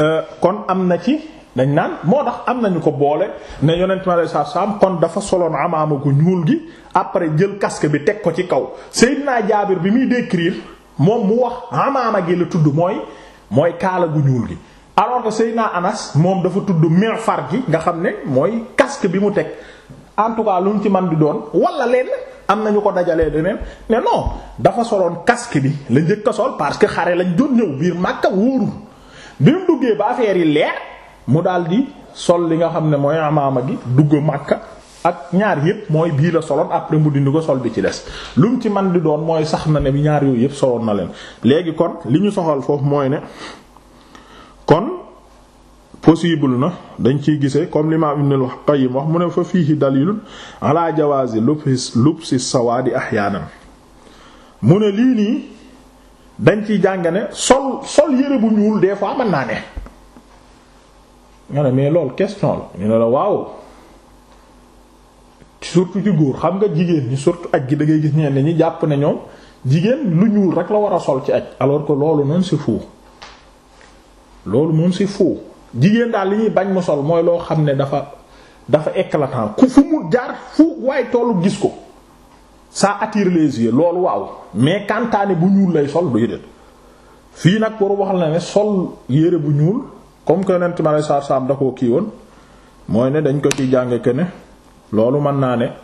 Euh, kon am na ci dañ naan moo tax am nañu ko boole ne yonent ma lay saa saam kon dafa soloon amaamagu ñuul gi après jël casque bi teg ko ci kaw Seydina Jaabir bi muy décrire moom mu wax amaama la tudd mooy mooy kaala gu ñuul gi alors que naa Anas moom dafa tudd mi'far gi nga xam ne mooy casque bi mu teg en tout cas lu mu ci man di doon wala leen am nañu ko dajalee deneen ne non dafa soloon casque bi la njëkk a sol parce que xare lañ doon ñëw biir Makka wóorul bi mu duggee ba affaire yi leer mu daal di sol li nga xam ne mooy amaama gi dugg màkk ak ñaar yépp mooy bii la soloon après mu dindi ko sol bi ci des lu ci man di doon mooy sax na ne bi ñaar yooyu yépp soloon na leen léegi kon li ñu soxal foofu mooy ne kon possible na dañ ciy gisee comme l'imam Ibn al-Qayyim wax mu ne fa fiihi dalilun ala jawaazi lubsi lubsi sawaadi ahyaanan mu ne lii nii dañ ciy jàngane sol sol yére bu ñuul des fois man naa ne. nga ne mais loolu question la ñu ne la waaw surtout ci góor xam nga jigéen ñi surtout aj gi da ngay gis ñeen dañuy jàpp ne ñoom jigéen lu ñuul rek la war a sol ci aj alors que loolu noonu si faux loolu moom si faux jigéen daal li ñuy bañ mu sol mooy loo xam ne dafa dafa éclatant ku fu mu jaar fu waaye tollu gis ko. ça attire les loolu waaw mais kantaane bu ñuul lay sol doy déet fii nag pour wax la ne sol yére bu ñuul comme que yonent ma lay saar saam da koo kii woon mooy ne dañ ko ci jànge que ne loolu mën naa ne